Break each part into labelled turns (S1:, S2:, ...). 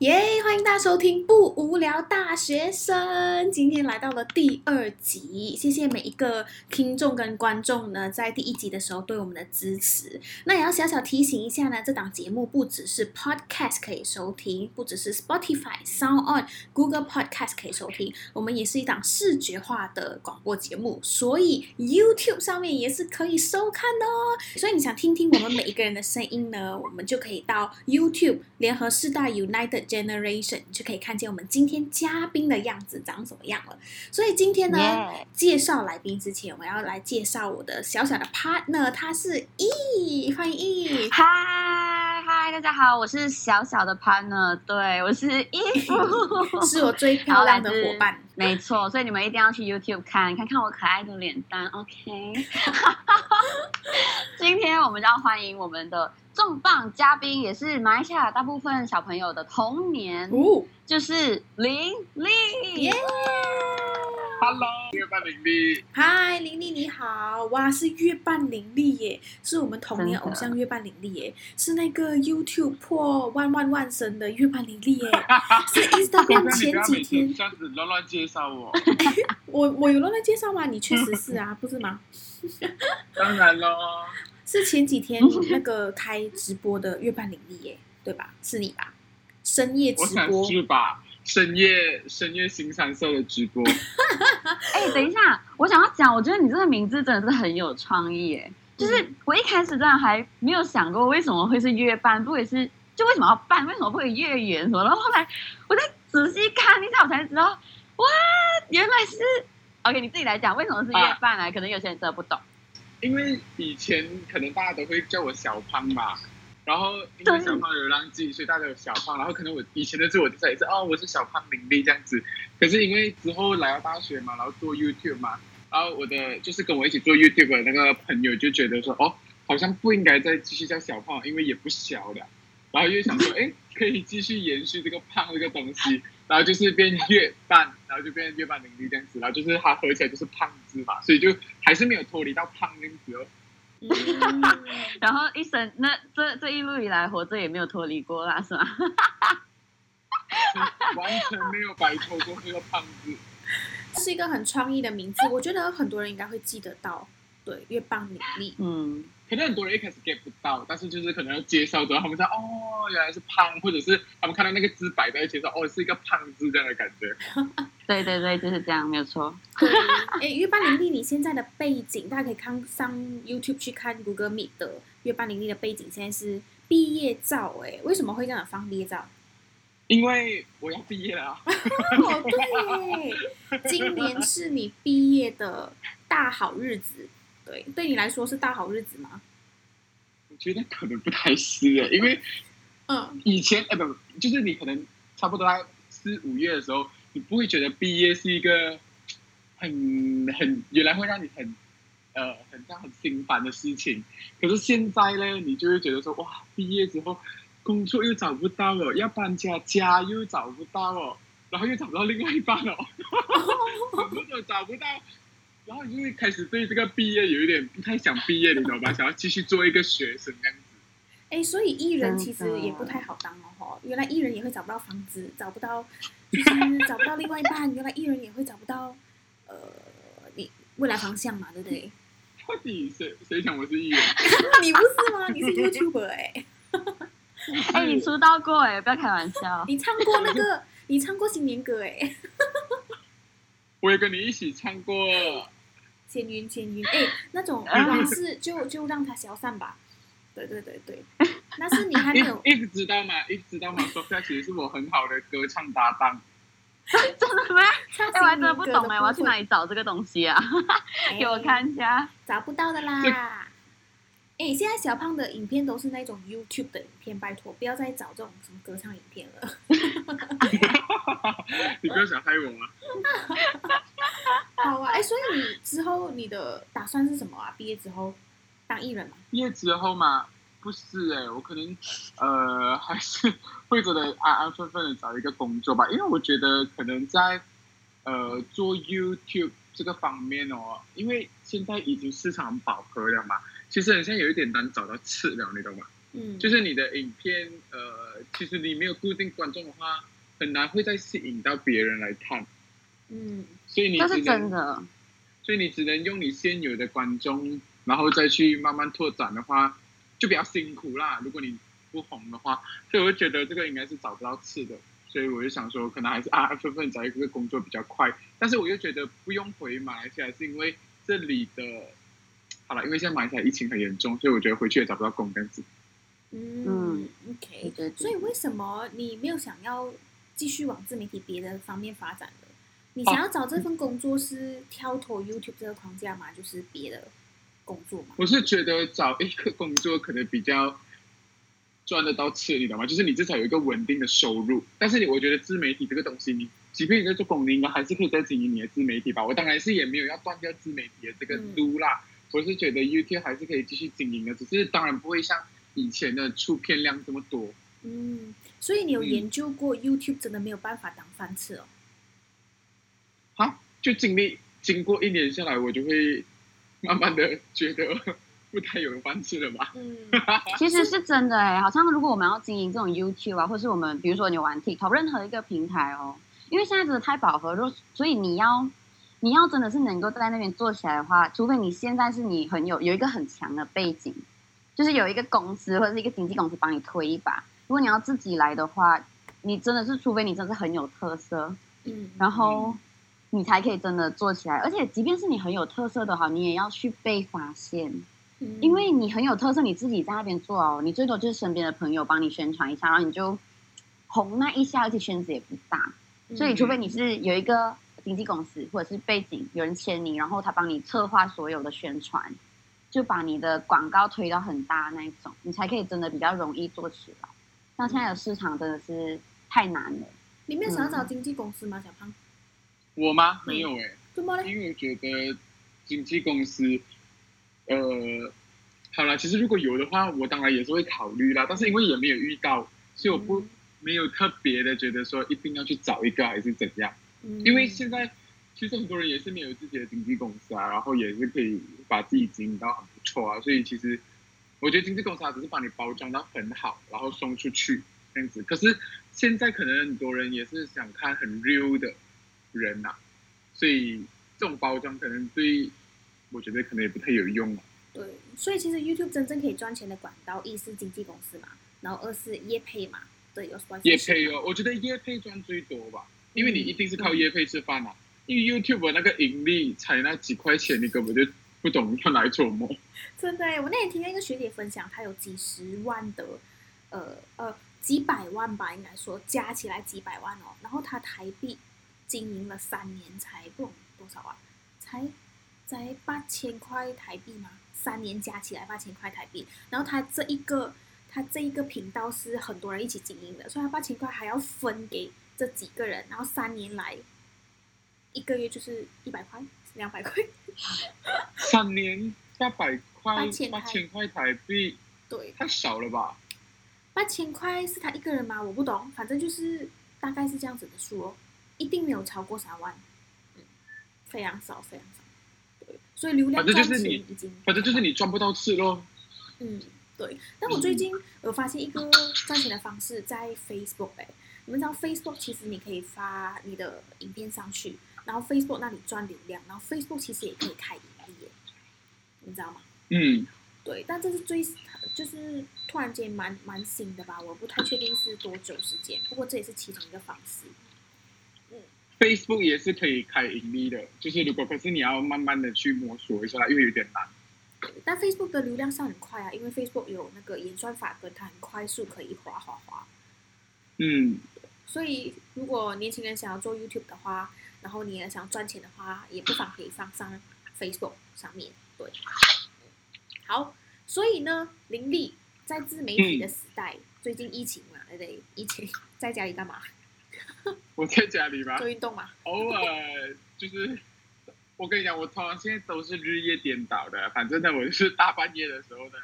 S1: 耶、yeah！歡迎大家收聽《不無聊大學生》，今天來到了第二集。謝謝每一個聽眾跟觀眾呢，在第一集的時候對我們的支持。那也要小小提醒一下呢，這檔節目不只是 Podcast 可以收聽，不只是 Spotify、Sound On、Google Podcast 可以收聽，我們也是一檔視覺化的廣播節目，所以 YouTube 上面也是可以收看的哦。所以你想聽聽我們每一個人的聲音呢，我們就可以到 YouTube 聯合世代 United。Generation，就可以看見我們今天嘉賓的樣子長什麼樣了。所以今天呢，yeah. 介紹來賓之前，我要來介紹我的小小的 partner，他是
S2: E，歡迎 E，嗨。Hi. 嗨，大家好，我是小小的潘呢，對，我是 Eve，是我最漂亮的夥伴，沒錯，所以你們一定要去 YouTube 看，看看我可愛的臉蛋，OK？ 今天我們就要歡迎我們的重磅嘉賓，也是馬來西亞大部分小朋友的童年，哦、就是林利。林 yeah!
S3: Hello，月
S1: 半林利。嗨，林利你好，哇，是月半林利耶，是我們童年偶像月半林利耶，是那個 YouTube 破萬萬萬聲的月半林利耶，是 Instagram 前幾天。你不要每天這樣
S3: 子亂亂介紹我。
S1: 我我有亂亂介紹嗎？你確實是啊， 不是嗎？當
S3: 然嘍。
S1: 是前幾天你那個開直播的月半林利耶，對吧？是你吧？
S2: 深夜直播。是
S3: 吧？深夜深夜新三色的直播，
S2: 哎、 欸，等一下，我想要講，我覺得你這個名字真的是很有創意耶，哎、嗯，就是我一開始真的還沒有想過為什麼會是月半，不也是就為什麼要半，為什麼不會月圓什麼的？然後後來我再仔細看一下，我才知道，哇，原來是，OK，你自己來講，為什麼是月半啊，啊？可能有些人真的不懂，
S3: 因為以前可能大家都會叫我小胖吧。然後因為小胖有流浪記，所以大家有小胖。然後可能我以前的時候，我就在哦，我是小胖林利這樣子。可是因為之後來到大學嘛，然後做 YouTube 嘛，然後我的就是跟我一起做 YouTube 的那個朋友就覺得說，哦，好像不應該再繼續叫小胖，因為也不小了。然後又想說，哎，可以繼續延續這個胖這個東西，然後就是變月半，然後就變月半林利這樣子。然後就是他合起來就是胖字嘛，所以就還是沒有脫離到胖那個、哦。
S2: 然後一生，那這這一路以來活着也沒有脫離過啦，是嗎？
S3: 完全沒有擺脫過那個胖子。
S2: 這是一個
S1: 很創意的名字，我覺得很多人應該會記得到。對，月半林利。
S3: 嗯，可能很多人一開始 get 不到，但是就是可能要介紹的時候，他們才哦，原來是胖，或者是他們看到那個字擺在一起說哦，是一個胖字這樣的感覺。
S2: 對對對，就是這樣，沒有錯。
S1: 哎，月半林立，你現在的背景，大家可以看上 YouTube 去看 Google 谷 e 米的月半林立的背景。現在是畢業照，哎，為什麼會這樣放畢業照？
S3: 因為我要畢業
S1: 了、啊。好、哦、對，今年是你畢業的大好日子，對，對你來說是大好日子嗎？我覺
S3: 得可能不太是，因為，嗯，以前不不，就是你可能差不多四五月的時候。你不會覺得畢業是一個很很原來會讓你很呃很這樣很心煩的事情，可是現在呢，你就會覺得說哇，畢業之後工作又找不到了，要搬家，家又找不到了，然後又找不到另外一半了，怎 麼找不到？然後你就會開始對這個畢業有一點不太想畢業，你懂吧？想要繼續做一個學生這樣。
S1: 哎，所以藝人其實也不太好
S3: 當哦，哦，原
S1: 來藝人也會找不到房子，找不到， 嗯，找不到另外一半。原來藝人也會找不到，
S3: 呃，你
S1: 未來方向嘛，對不對？到底誰
S3: 誰想我
S1: 是藝人？ 你不是嗎？你是 YouTuber 哎，你出道過哎，欸，不要開玩笑。 你唱過那個，你唱過新年歌哎，欸。
S3: 我也跟你一起唱過。千雲千雲，哎，
S1: 那種往事，啊啊，就就讓它消散吧。對
S3: 對對對，對。 那是你還沒有一直，啊，知道嗎？一直知道嗎？說下其實是我很好的歌唱搭檔，
S2: 真的嗎？欸、我真的不懂哎、欸，我要去哪裡找這個東西啊？
S1: 給我看一下、
S2: 欸，找不到的啦。哎、
S1: 欸，現在小胖的影片都是那種 YouTube 的影片，拜託不要再找這種什麼歌唱影片了。 你
S3: 不要想害我嗎？
S1: 好啊，哎、欸，所以你之後你的打算是什麼啊？畢業之後當藝人嗎？
S3: 畢業之後嗎？不是欸，我可能呃還是會覺得安安分分的找一個工作吧，因為我覺得可能在呃做 YouTube 這個方面哦，因為現在已經市場很飽和了嘛，其實很像有一點難找到次了，你懂嗎？嗯，就是你的影片呃，其實你沒有固定觀眾的話，很難會再吸引到別人來看。嗯，所以你只能，所以你只能用你現有的觀眾，然後再去慢慢拓展的話。就比較辛苦啦，如果你不紅的話，所以我就覺得這個應該是找不到吃的，所以我就想說，可能還是啊，分分找一份工作比較快。但是我又覺得不用回馬來西亞，是因為這裡的，好了，因為現在馬來西亞疫情很嚴重，所以我覺得回去也找不到工跟錢。嗯，OK，嗯對對對。所以為
S1: 什麼你沒有想要繼續往自媒體別的方面發展了？哦？你想要找這份工作是跳脫 YouTube 這個框架嗎？就是別
S3: 的。工作，我是覺得找一個工作可能比較賺得到錢，你的嘛就是你至少有一個穩定的收入。但是，我覺得自媒體這個東西，你即便你在做工、啊，你應該還是可以在經營你的自媒體吧？我當然是也沒有要斷掉自媒體的這個路啦、嗯。我是覺得 YouTube 還是可以繼續經營的，只是當然不會像以前的出片量這麼多。嗯，
S1: 所以你有研究過 YouTube 真的沒有辦法當飯吃
S3: 哦？好、嗯、就經歷經過一年下來，我就會。慢慢的覺得不太有關式
S2: 了吧？嗯，其實是真的哎、欸，好像如果我們要經營這種 YouTube 啊，或者是我們比如說你玩 TikTok 任何一個平台哦，因為現在真的太飽和，如果所以你要你要真的是能夠在那邊做起來的話，除非你現在是你很有有一個很強的背景，就是有一個公司或者一個經紀公司幫你推一把，如果你要自己來的話，你真的是除非你真的是很有特色，嗯，然後。嗯你才可以真的做起來，而且即便是你很有特色的哈，你也要去被發現。嗯，因為你很有特色，你自己在那邊做哦，你最多就是身邊的朋友幫你宣傳一下，然後你就紅那一下，而且圈子也不大，所以除非你是有一個經紀公司或者是背景有人簽你，然後他幫你策劃所有的宣傳，就把你的廣告推到很大那一種，你才可以真的比較容易做起來。那現在的市場真的是
S3: 太難了。林
S1: 利想找經紀公司嗎，小胖？嗯
S3: 我嗎？嗯、沒有誒、欸。因為我覺得，經紀公司，呃，好啦，其實如果有的話，我當然也是會考慮啦。但是因為也沒有遇到，所以我不沒有特別的覺得說一定要去找一個還是怎樣。嗯、因為現在其實很多人也是沒有自己的經紀公司啊，然後也是可以把自己經營到很不錯啊。所以其實我覺得經紀公司、啊、只是把你包裝到很好，然後送出去這樣子。可是現在可能很多人也是想看很 real 的。人吶、啊，所以這種包裝可能對，我覺得可能也不太有用、啊、對，
S1: 所以其實 YouTube 真正可以賺錢的管道一是經紀公司嘛，然後二是業配嘛，對，二是業配。
S3: 業配哦，我覺得業配賺最多吧，因為你一定是靠業配吃飯嘛、啊嗯。因為 YouTube 的那個盈利才那幾塊錢，你根本就不懂用來做嘛。
S1: 真的，我那天聽那個學姐分享，她有幾十萬的，呃呃，幾百萬吧，應該說加起來幾百萬哦，然後她台幣。經營了三年才不多少啊？才才八千塊台幣嘛，三年加起來八千塊台幣，然後他這一個他這一個頻道是很多人一起經營的，所以他八千塊還要分給這幾個人，然後三年來一個月就是一百塊兩百塊，
S3: 三年八百塊八千塊台幣，對，太少了吧？
S1: 八千塊是他一個人嗎？我不懂，反正就是大概是這樣子的數哦。一定沒有超過三萬，嗯，非常少，非常少。對，所以流量賺錢已經，
S3: 反、啊、正就，啊、就是你賺不到錢咯。嗯，
S1: 對。但我最近有發現一個賺錢的方式，在 Facebook 誒，你們知道 Facebook 其實你可以發你的影片上去，然後 Facebook 那裡賺流量，然後 Facebook 其實也可以開盈利，你知道嗎？嗯，對。但這是最就是突然間蠻蠻新的吧，我不太確定是多久時間，不過這也是其中一個方式。
S3: Facebook 也是可以開盈利的，就是如果可是你要慢慢的去摸索一下，因為有點難。
S1: 但 Facebook 的流量上很快啊，因為 Facebook 有那個演算法，跟它很快速可以滑滑滑。嗯。所以如果年輕人想要做 YouTube 的話，然後你也想賺錢的話，也不妨可以放上 Facebook 上面。對。好，所以呢，林利在自媒體的時代，嗯、最近疫情嘛，對不對？疫情在家裡幹嘛？
S3: 我在家裡嗎？做運動嗎？偶、oh, 爾、uh, 就是，我跟你講，我通常現在都是日夜顛倒的。反正呢，我就是大半夜的時候呢，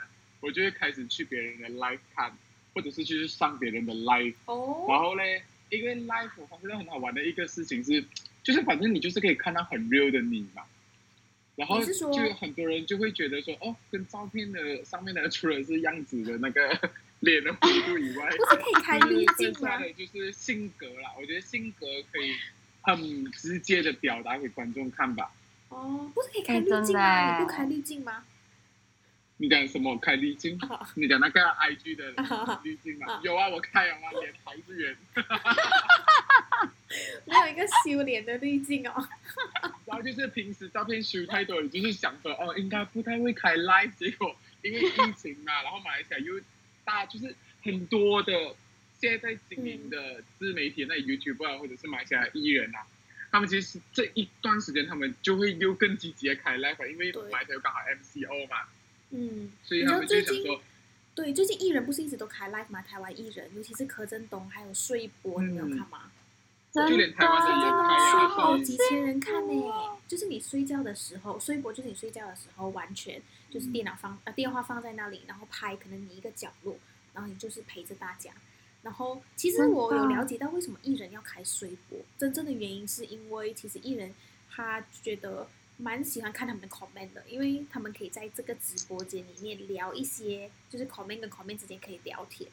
S3: 我就會開始去別人的 live 看，或者是去上別人的 live。哦。然後嘞，因為 live 我發現很好玩的一個事情是，就是反正你就是可以看到很 real 的你嘛。然後就很多人就會覺得說，說哦，跟照片的上面的出來是樣子的那個。臉的弧度以外，不是可以開濾鏡嗎？就是，就是性格啦。我覺得性格可以很、嗯、直接的表達給觀眾看吧。哦、
S1: oh，不是可以開濾鏡嗎
S3: 的？你不開濾鏡嗎？你講什麼開濾鏡？Oh. 你講那個 IG 的開濾鏡嗎？Oh. Oh. Oh. Oh. 有啊，我開了啊，臉好圓。哈哈哈哈
S1: 哈哈！沒有一個修臉的濾鏡哦。
S3: 然後就是平時照片修太多你就是想着哦，應該不太會開 Live，結果因為疫情嘛，啊，然後馬來西亞又。大家就是很多的，現在在經營的自媒體的那、啊，那 YouTube 啊，或者是馬來西亞藝人啊，他們其實這一段時間他們就會又更積極開 live、啊、因為馬來西亞剛好 MCO 嘛。嗯。所以他們就想
S1: 說，對，最近藝人不是一直都開 live 嗎？台灣藝人，尤其是柯震東，還有睡播、嗯，
S3: 你有看嗎？真的，台
S1: 的真的，好幾千人看呢、欸哦。就是你睡覺的時候，睡播就是你睡覺的時候完全。就是電腦放呃、嗯、電話放在那裡，然後拍可能你一個角落，然後你就是陪着大家。然後其實我有了解到為什麼藝人要開水波，真正的原因是因為其實藝人他覺得蠻喜歡看他們的 comment 的，因為他們可以在這個直播間裡面聊一些，就是 comment 跟 comment 之間可以聊天。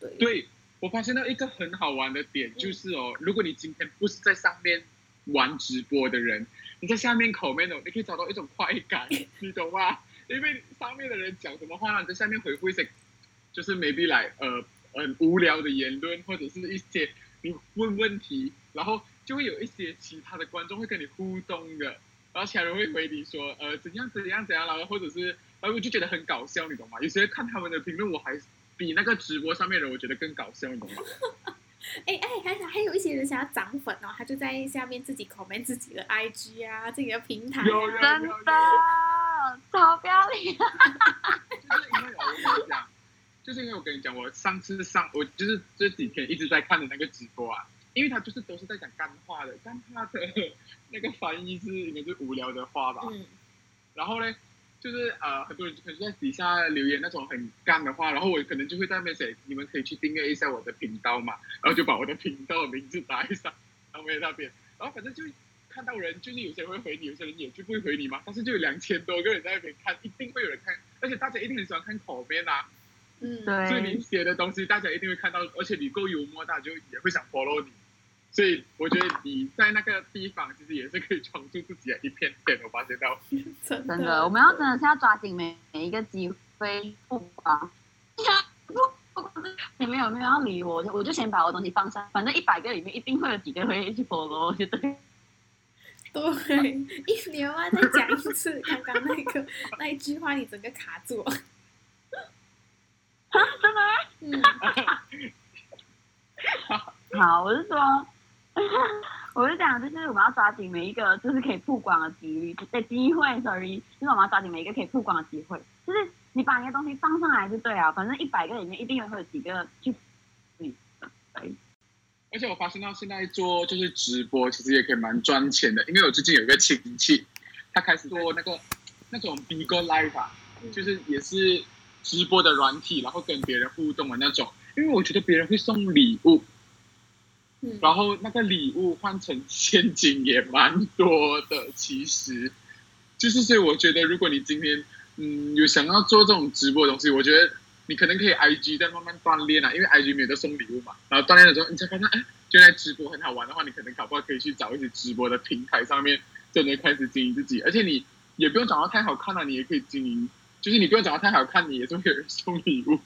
S1: 對，
S3: 對我發現到一個很好玩的點就是哦、嗯，如果你今天不是在上面玩直播的人，你在下面 comment、哦、你可以找到一種快感，你懂嗎、啊？ 因為上面的人講什麼話，你在下面回復一些，就是 maybe 來、like，呃很、嗯、無聊的言論，或者是一些你問問題，然後就會有一些其他的觀眾會跟你互動的，然後其他人會回你說呃怎樣怎樣怎樣啦，或者是呃我就覺得很搞笑，你懂嗎？有些看他們的評論，我還比那個直播上面的人我覺得更搞笑，你懂
S1: 嗎？哎 哎，還、哎、還有一些人想要漲粉哦，他就在下面自己 comment 自己的 IG 啊，自己的
S2: 平台、啊，有人的。超
S3: 標了！就是因為我跟你講，就是因為我跟你講，我上次上，我就是這幾天一直在看的那個直播啊，因為他就是都是在講幹話的，幹話的那個翻譯是應該是無聊的話吧。然後呢，就是呃很多人可能在底下留言那種很乾的話，然後我可能就會在那邊寫，你們可以去訂閱一下我的頻道嘛，然後就把我的頻道的名字打一下，然後那邊，然後反正就。看到人就是有些人會回你，有些人也就不會回你嘛。但是就有兩千多個人在那邊看，一定會有人看，而且大家一定很喜歡看 comment 啊。嗯，
S2: 對。所以你
S3: 寫的東西，大家一定會看到，而且你夠幽默，大家就也會想 follow 你。所以我覺得你在那個地方其實也是可以闖出自己的、啊、一片天。我發現到
S2: 真的， 我們要真的是要抓緊每每一個機會、啊，不妨。不，沒有沒有要理我，我就先把我的東西放下。反正一百個裡面一定會有幾個會去 follow，對，一年萬再講一次剛剛那個那一句話，你整個卡住。 真的嗎？嗯、 好，我是說，我是講，就是我們要抓緊每一個就是可以曝光的機會而已，sorry, 就是我們要抓緊每一個可以曝光的機會，就是你把那個東西放上來就對了。反正一百個裡面一定會有幾個去對，對。
S3: 而且我發現到現在做就是直播，其實也可以蠻賺錢的。因為我最近有一個親戚，他開始做那個那種 Bigo Live 啊，就是也是直播的軟體，然後跟別人互動的那種。因為我覺得別人會送禮物，然後那個禮物換成現金也蠻多的。其實，就是所以我覺得，如果你今天嗯有想要做這種直播的東西，我覺得。你可能可以 IG 在慢慢鍛鍊啦、啊，因為 IG 沒有在送禮物嘛，然後鍛鍊的時候你才發現，哎，就在直播很好玩的話，你可能搞不好可以去找一些直播的平台上面，就能開始經營自己，而且你也不用長得太好看了、啊，你也可以經營，就是你不用長得太好看，你也會有人送禮物。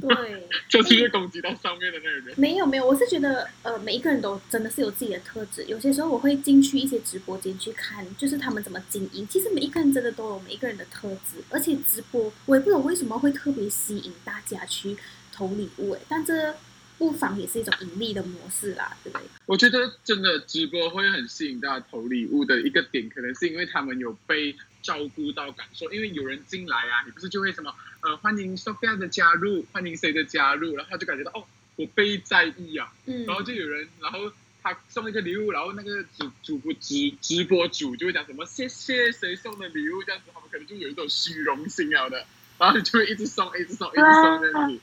S3: 對， 就直接攻擊到上面的那個人、欸。沒
S1: 有沒有，我是覺得呃，每一個人都真的是有自己的特質。有些時候我會進去一些直播間去看，就是他們怎麼經營。其實每一個人真的都有每一個人的特質，而且直播我也不懂為什麼會特別吸引大家去投禮物、欸，但這不妨也是一種盈利的模
S3: 式啦，對不對？我覺得真的直播會很吸引大家投禮物的一個點，可能是因為他們有被。照顧到感受，因為有人進來啊，你不是就會什麼呃，歡迎 Sophia 的加入，歡迎誰的加入，然後他就感覺到哦，我被在意啊，嗯，然後就有人，然後他送一個禮物，然後那個主主播直直播主就會講什麼謝謝誰送的禮物這樣子，他們可能就有一種虛榮心好的，然後你就會一直送，一直送，一
S1: 直送這樣、啊啊、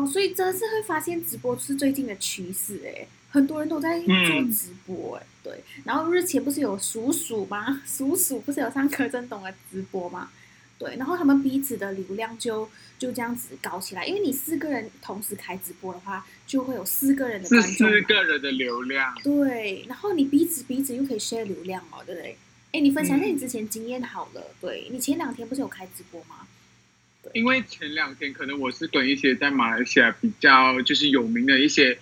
S1: 好，所以真的是會發現直播是最近的趨勢欸。很多人都在做直
S2: 播，欸，哎、嗯，對。
S1: 然後日前不是有鼠鼠嗎？鼠鼠不是有上柯震東的直播嗎？對。然後他們彼此的流量就就這樣子搞起來，因為你四個人同時開直播的話，就會有四個人的觀眾，四
S3: 個人的流量。
S1: 對。然後你彼此彼此又可以 share 流量嘛，對不對？哎，你分享一下你之前經驗好了，嗯、對，你前兩天不是有開直播嗎？
S3: 對，因為前兩天可能我是跟一些在馬來西亞比較就是有名的一些。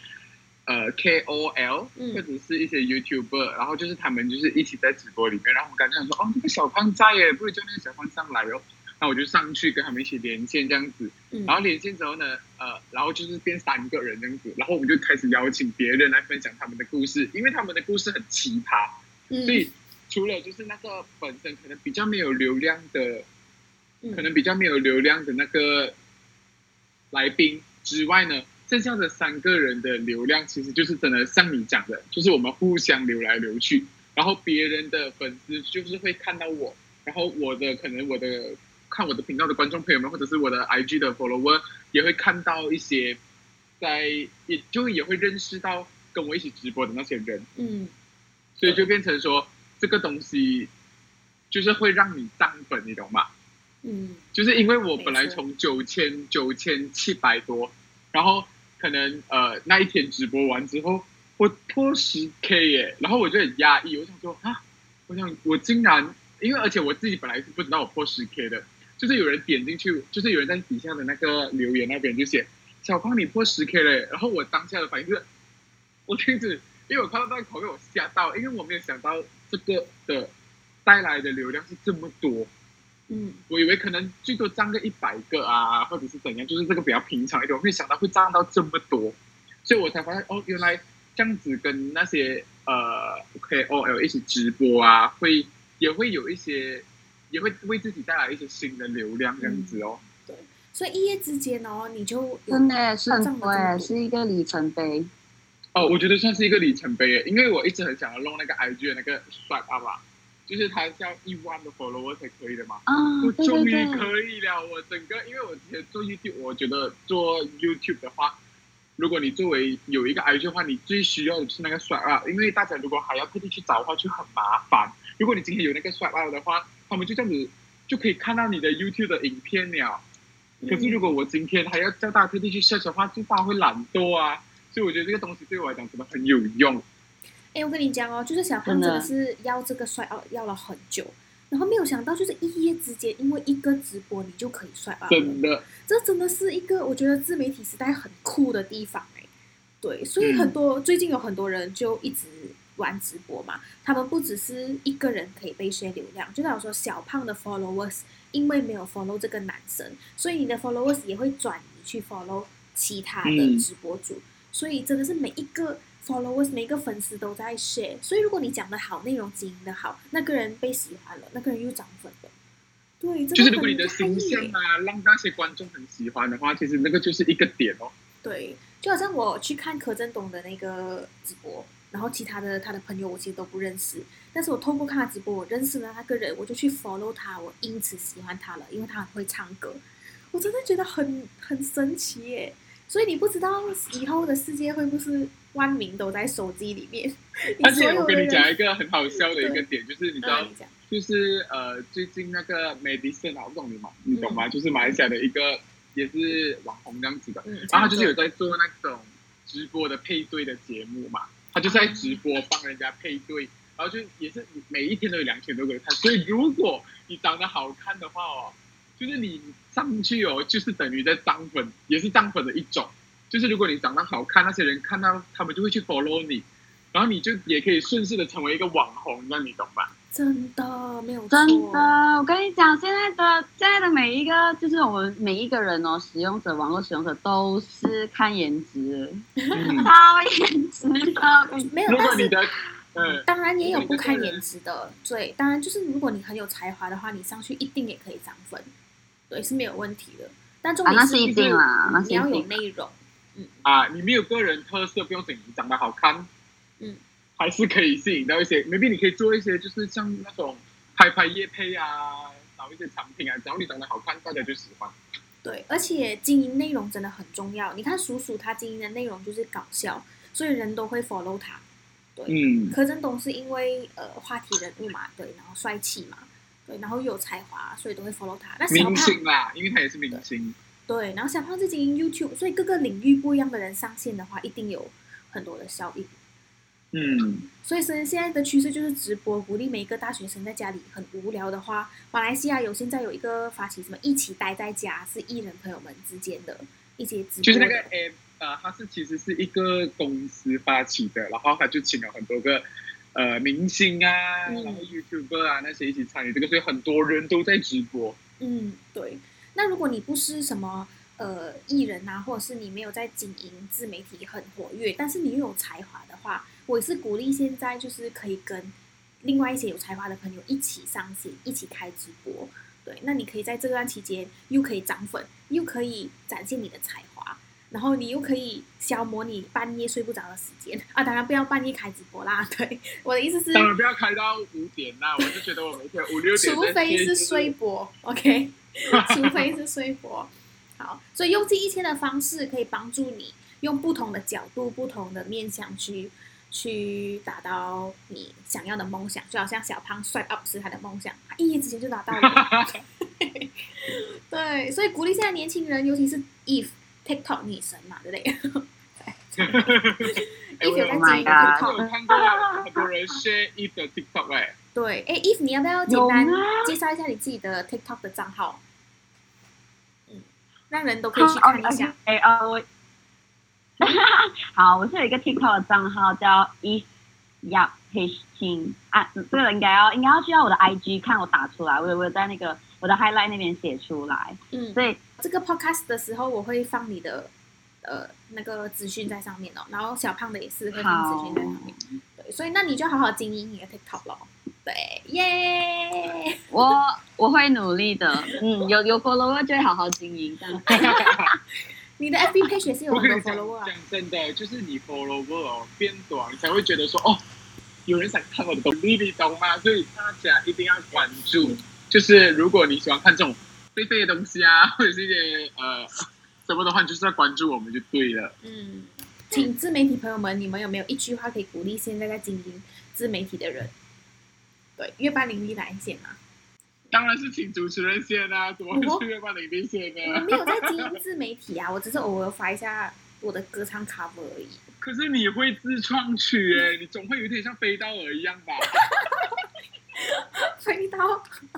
S3: 呃，KOL 或者是一些 Youtuber、嗯、然後就是他們就是一起在直播裡面，然後我感覺說，哦，那個小胖在耶，不如叫那個小胖上來哦。那我就上去跟他們一起連線這樣子，然後連線之後呢，呃，然後就是變三個人這樣子，然後我們就開始邀請別人來分享他們的故事，因為他們的故事很奇葩，嗯，所以除了就是那個本身可能比較沒有流量的，可能比較沒有流量的那個來賓之外呢。剩下的三個人的流量，其實就是真的像你講的，就是我們互相流來流去，然後別人的粉絲就是會看到我，然後我的可能我的看我的頻道的觀眾朋友們，或者是我的 IG 的 follower 也會看到一些在，在也就也會認識到跟我一起直播的那些人，嗯，所以就變成說這個東西就是會讓你漲粉，你懂嗎？嗯，就是因為我本來從九千九千七百多，然後可能呃，那一天直播完之後，我破十 k 耶！然後我就很壓抑，我想說啊，我想我竟然，因為而且我自己本來是不知道我破十 k 的，就是有人點進去，就是有人在底下的那個留言那邊就寫小胖你破十 k 了，然後我當下的反應就是，我停止，因為我看到那個朋友我嚇到，因為我沒有想到這個的帶來的流量是這麼多。嗯，我以為可能最多漲個一百個啊，或者是怎樣，就是這個比較平常一點。我沒想到會漲到這麼多，所以我才發現哦，原來這樣子跟那些呃 KOL 一起直播啊，會也會有一些，也會為自己帶來一些新的流量這樣子哦。嗯、對，
S1: 所以一夜之間哦，你就真的
S2: 是很多耶，是一個里程碑。
S3: 哦，我覺得算是一個里程碑，因為我一直很想要弄那個 IG 的那個帥爸爸。就是他要一萬的 f o l l o w e r 才可以的嘛，我、啊、終於可以了，對對對！我整個，因為我之前做 YouTube，我覺得做 YouTube 的話，如果你作為有一個 I G 的話，你最需要的是那個帥二，因為大家如果還要特地去找的話就很麻煩。如果你今天有那個帥二的話，他們就這樣子就可以看到你的 YouTube 的影片了。可是如果我今天還要叫大家特地去 s e 的話，就發會懶惰啊。所以我覺得這個東西對我來講可能很有用。
S1: 哎，我跟你講哦，就是小胖真的是要這個帥哦，要了很久，然後沒有想到就是一夜之間，因為一個直播你就可以帥爆了，真的，這真的是一個我覺得自媒體時代很酷的地方哎，對，所以很多、嗯、最近有很多人就一直玩直播嘛，他們不只是一個人可以被吸流量，就像說小胖的 followers，因為沒有 follow 這個男生，所以你的 followers 也會轉移去 follow 其他的直播主，嗯、所以真的是每一個。Followers 每個粉絲都在 share，所以如果你講的好，內容經營的好，那個人被喜歡了，那個人又漲粉了。對，就是如果你的形
S3: 象啊，讓那些觀眾很喜歡的話，其實那個就是一個點哦。
S1: 對，就好像我去看柯震東的那個直播，然後其他的他的朋友我其實都不認識，但是我透過看他直播，我認識了那個人，我就去 follow 他，我因此喜歡他了，因為他很會唱歌，我真的覺得很很神奇耶。所以你不知道以後的世界會不會？萬名都在手機裡面。但是我跟你講一
S3: 個很好笑的一個點，就是你知道，嗯、就是呃，最近那個 Madison 老網紅嘛，你懂嗎？就是馬來西亞的一個、嗯、也是網紅那樣子的，嗯、然後他就是有在做那種直播的配對的節目嘛，他就是在直播幫人家配對，然後就也是每一天都有兩千多個人看。所以如果你長得好看的話哦，就是你上去哦，就是等於在漲粉，也是漲粉的一種。就是如果你長得好看，那些人看到他們就會去 follow 你，然後你就也可以順勢的成為一個網紅，那你懂吧？
S2: 真的沒有錯，真的，我跟你講，現在的現在的每一個，就是我們每一個人哦，使用者網絡使用者都是看顏值的，靠、嗯、顏值的、 嗯，
S1: 沒有。你的但
S3: 是、嗯，當然也有不看顏
S2: 值的、的，
S1: 對。當然，就是如果你很有才華的話，你上去一定也可以漲粉，對，是沒有問題的。但重
S3: 點是，啊、那是一定啊，你要有內容。啊，你沒有個人特色，不要緊，長得好看，嗯，還是可以吸引到一些。Maybe 你可以做一些，就是像那種拍拍業配啊，找一些產品啊，只要你長得好看，大家就喜歡。
S1: 對，而且經營內容真的很重要。你看叔叔他經營的內容就是搞笑，所以人都會 follow 他。對，嗯，柯震東是因為呃話題人物嘛，對，然後帥氣嘛，對，然後又有才華，所以都會 follow 他。那明星啦，
S3: 因為他也是明星。
S1: 對，然後小胖自己經營 YouTube，所以各個領域不一樣的人上線的話，一定有很多的效應。嗯，所以所以現在的趨勢就是直播，鼓勵每一個大學生在家裡很無聊的話，馬來西亞有現在有一個發起什麼一起待在家，是藝人朋友們之間的一些直播。就是那個
S3: M 啊，他是其實是一個公司發起的，然後他就請了很多個呃明星啊、嗯，然後 YouTuber 啊那些一起參與這個，所以很多人都在直播。
S1: 嗯，對。那如果你不是什麼呃藝人吶、啊，或者是你沒有在經營自媒體很活躍，但是你又有才華的話，我是鼓勵現在就是可以跟另外一些有才華的朋友一起上線，一起開直播。對，那你可以在這段期間又可以漲粉，又可以展現你的才華，然後你又可以消磨你半夜睡不着的時間啊！當然不要半夜開直播啦。對，我的意思是
S3: 當然不要開到五點啦，我就覺得我每天五六點。除非是睡
S1: 播，OK。除 非是說服，好，所以用盡一切的方式可以幫助你用不同的角度、不同的面向去去達到你想要的夢想。就好像小胖帥奧斯他的夢想，他一夜之間就達到了。對，所以鼓勵現在年輕人，尤其是 Eve TikTok 女神嘛，對不對,對、
S3: 欸？哈哈哈！哈哈哈！我有看過了？很多人 share Eve 的 TikTok 哎？
S1: 對，哎，Eve 你要不要簡單介紹一下你自己的 TikTok 的賬號？嗯，讓人都可
S2: 以去看一下。哎哦，好，我是有一個 TikTok 的賬號，叫 Eve Yap Ching。啊，這個應該要應該要去到我的 IG 看我打出來，我有我有在那個我的 Highlight 那邊寫出來。嗯，對這個
S1: Podcast 的時候我會放你的呃那個資訊在上面哦，然後小胖的也是會放資訊在上面。對，所以那你就好好經營你的 TikTok 咯。耶
S2: ！Yeah! 我我會努力的，嗯， 有有 follower 就會好好經營。
S3: 但
S2: 你的 FB page 也是有很多
S3: follower 啊。講真的，就是你 follower 變短，你才會覺得說，哦，有人想看我的東西，你懂嗎？所以大家一定要關注。就是如果你喜歡看這種飛飛的東西啊，或者是一些呃什麼的話，你就是要關注我們就對了。
S1: 嗯，請自媒體朋友們，你們有沒有一句話可以鼓勵現在在經營自媒體的人？對，月半林
S3: 利哪先啊？當然是請主持人先啊，怎麼會去月半林利先呢？我沒有在經營
S1: 自媒體啊，我只是偶爾發一下我的歌唱 cover 而已。
S3: 可是你會自創曲哎，你總會有點像飛刀爾一樣吧？ 飛刀，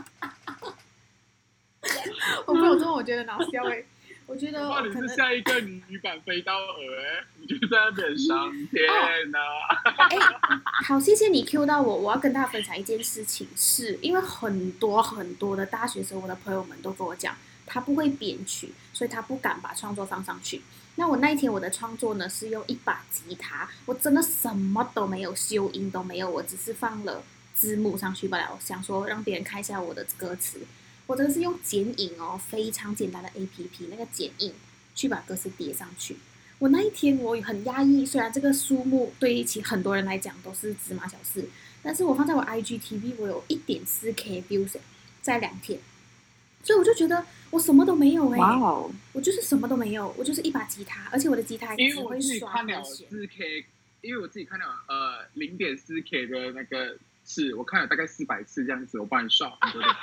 S1: 我沒有做我覺
S3: 得老肖哎。我覺得我你是下一個女版飛刀鵝。欸啊，你就
S1: 在那邊上天吶、啊啊！哎，好謝謝你 Q 到我，我要跟大家分享一件事情，是因為很多很多的大學生活的朋友們都跟我講，他不會編曲，所以他不敢把創作放上去。那我那一天我的創作呢，是用一把吉他，我真的什麼都沒有，修音都沒有，我只是放了字幕上去吧，我想說讓別人看一下我的歌詞。我都是用剪影哦，非常簡單的 A P P，那個剪影去把歌詞疊上去。我那一天我很壓抑，雖然這個數目對於很多人來講都是芝麻小事，但是我放在我 I G T V，我有一點四 K views 在兩天，所以我就覺得我什麼都沒有哎，wow. 我就是什麼都沒有，我就是一把吉他，而且我的吉他會刷很弦因為我自
S3: 己看了四 K，因為我自己看了呃零點四 K 的那個，是我看了大概四百次這樣子，我幫你刷很多的。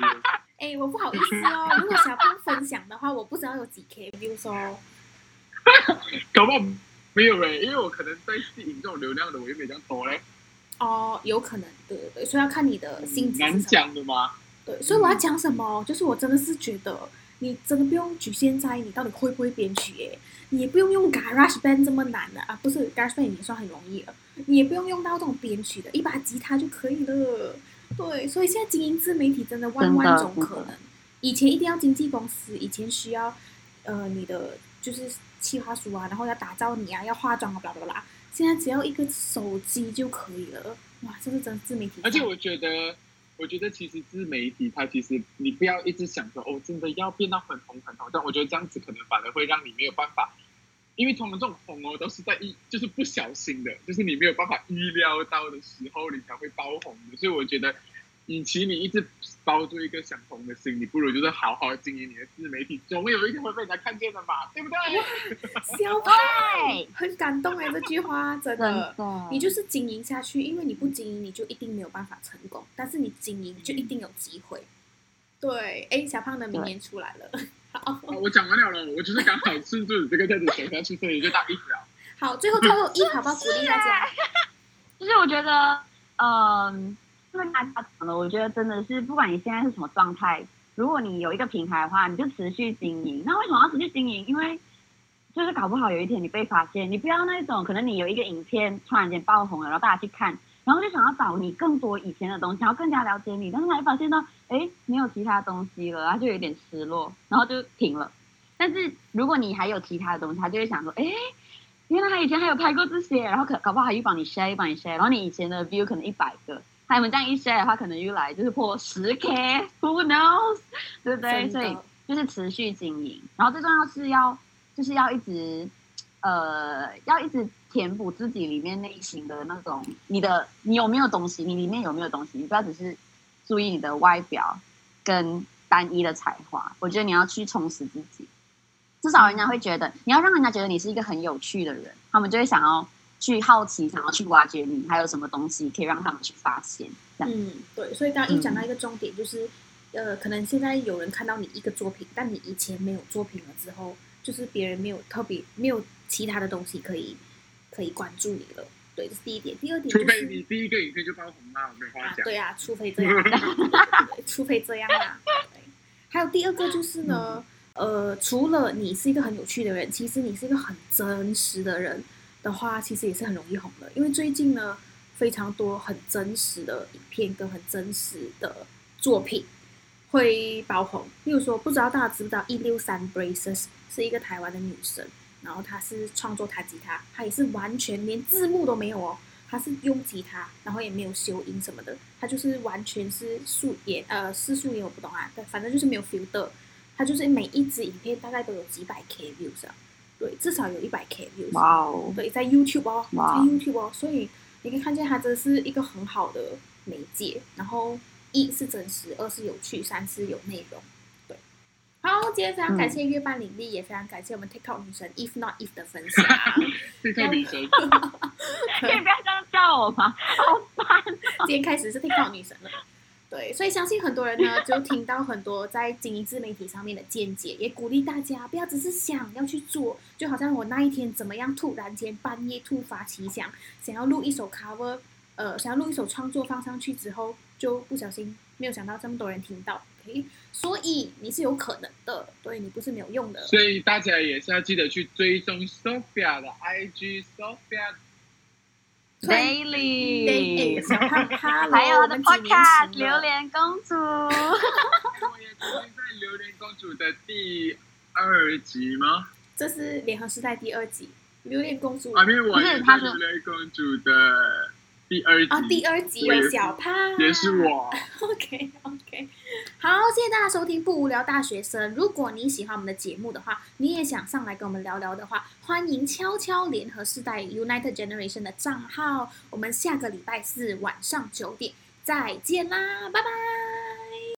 S1: 哎，我不好意思哦。 如果小朋友分享的話，我不知道有幾 K views 搞不好沒有哎，因為我
S3: 可能在吸引這種流量的，我也沒想多
S1: 嘞。哦，有可能對，對，對。所以要看你的心，嗯。難講
S3: 的嗎？
S1: 對，所以我要講什麼？就是我真的是覺得，嗯、你真的不用局限在你，你到底會不會編曲哎，你也不用用 Garage Band 這麼難的啊，啊，不是 Garage Band 也算很容易了，你也不用用到這種編曲的，一把吉他就可以了。對，所以現在經營自媒體真的萬萬種可能。嗯啊啊、以前一定要經紀公司，以前需要呃你的就是企劃書啊，然後要打造你啊，要化妝啊，巴拉巴拉。現在只要一個手機就可以了，哇！這個真的自媒體。而且我
S3: 覺得，我覺得其實自媒體它其實你不要一直想着哦，真的要變到很紅很紅，但我覺得這樣子可能反而會讓你沒有辦法。因為通常這種紅哦都是在一就是不小心的，就是你沒有辦法預料到的時候，你才會爆紅的。所以我覺得，與其你一直抱著一個想紅的心，你不如就是好好經營你的自媒體，總有一天會被人家
S1: 看見的嘛，對不對？小胖，哎，很感動哎，欸， 這句話真的，真的，你就是經營下去，因為你不經營你就一定沒有辦法成功，但是你經營就一定有機會。嗯、對，哎，小胖的明年出來了。
S3: 哦、oh，我講完了了，
S2: 我就是講
S1: 好資質這個樣
S3: 子
S2: 寫出來， 所以就打一了。好，最後最後一好不好？鼓勵大家。是 就是我覺得，嗯、呃，跟、就是、大家講的，我覺得真的是，不管你現在是什麼狀態，如果你有一個平台的話，你就持續經營。那為什麼要持續經營？因為就是搞不好有一天你被發現，你不要那種可能你有一個影片突然間爆紅了，然後大家去看，然後就想要找你更多以前的東西，想要更加了解你，但是會發現呢，哎，沒有其他東西了，他就有點失落，然後就停了。但是如果你還有其他的東西，他就會想說，哎，原來他以前還有拍過這些，然後可搞不好還又幫你 share 一幫你 share，然後你以前的 view 可能一百個，他們這樣一 share 的話，可能又來就是破十 k，who knows，對不對？所以就是持續經營，然後最重要是要就是要一直，呃，要一直填補自己裡面內心的那種，你的你有沒有東西？你裡面有沒有東西？你不要只是。注意你的外表，跟單一的才華，我覺得你要去充實自己，至少人家會覺得，你要讓人家覺得你是一個很有趣的人，他們就會想要去好奇，想要去挖掘你還有什麼東西可以讓他們去發現。
S1: 這樣，嗯，對，所以剛剛一講到一個重點，就是、嗯，呃，可能現在有人看到你一個作品，但你以前沒有作品了之後，就是別人沒有特別沒有其他的東西可以可以關注你了。
S3: 對，這是第一點。第二點就是，
S1: 除非你第一個影片就爆紅了，我沒話講，啊，對啊，除非這樣，啊。 除非這樣啊。對，還有第二個就是呢，啊嗯，呃，除了你是一個很有趣的人，其實你是一個很真實的人的話，其實也是很容易紅的。因為最近呢，非常多很真實的影片跟很真實的作品會爆紅。例如說，不知道大家知不知道，一六三 braces 是一個台灣的女生。然後他是創作彈吉他，他也是完全連字幕都沒有哦，他是用吉他，然後也沒有修音什麼的，他就是完全是素顏，呃，是素顏我不懂啊，反正就是沒有 filter，他就是每一支影片大概都有幾百 k views 啊，對，至少有一百 k views，wow. 對，在 YouTube 哦，wow. 在 YouTube 哦，所以你可以看見他真的是一個很好的媒介，然後一是真實，二是有趣，三是有內容。好，今天非常感謝月半林利，也非常感謝我們 TikTok 女神 If Not If 的分享。謝謝林姐，謝謝。可以不要這樣叫我嗎？好煩。今天開始是 TikTok 女神了。對，所以相信很多人呢，就聽到很多在經營自媒體上面的見解，也鼓勵大家不要只是想要去做，就好像我那一天怎麼樣，突然間半夜突發奇想，想要錄一首 cover。呃，想要錄一首創作放上去之後，就不小心沒有想到這麼多人聽到，okay? 所以你是有可能的，所以你不是沒有用的。所以
S3: 大家也是要記得去追蹤 Sophia 的 IG Sophia Daily，Daily、欸、想看他 還有我的 Podcast《 榴
S2: 蓮公主》。你
S3: 現在在《榴蓮公主》的第二集嗎？
S1: 這是聯合世代第二集《榴蓮公主》啊，後面我是《榴
S3: 蓮公主》的。 第二集啊、哦，第二集，第二集小潘也是
S1: 我。OK OK，好，謝謝大家收聽《不無聊大學生》。如果你喜歡我們的節目的話，你也想上來跟我們聊聊的話，歡迎悄悄聯合世代 United Generation 的賬
S3: 號，嗯。我們下個禮拜四晚上九點再見啦，拜拜。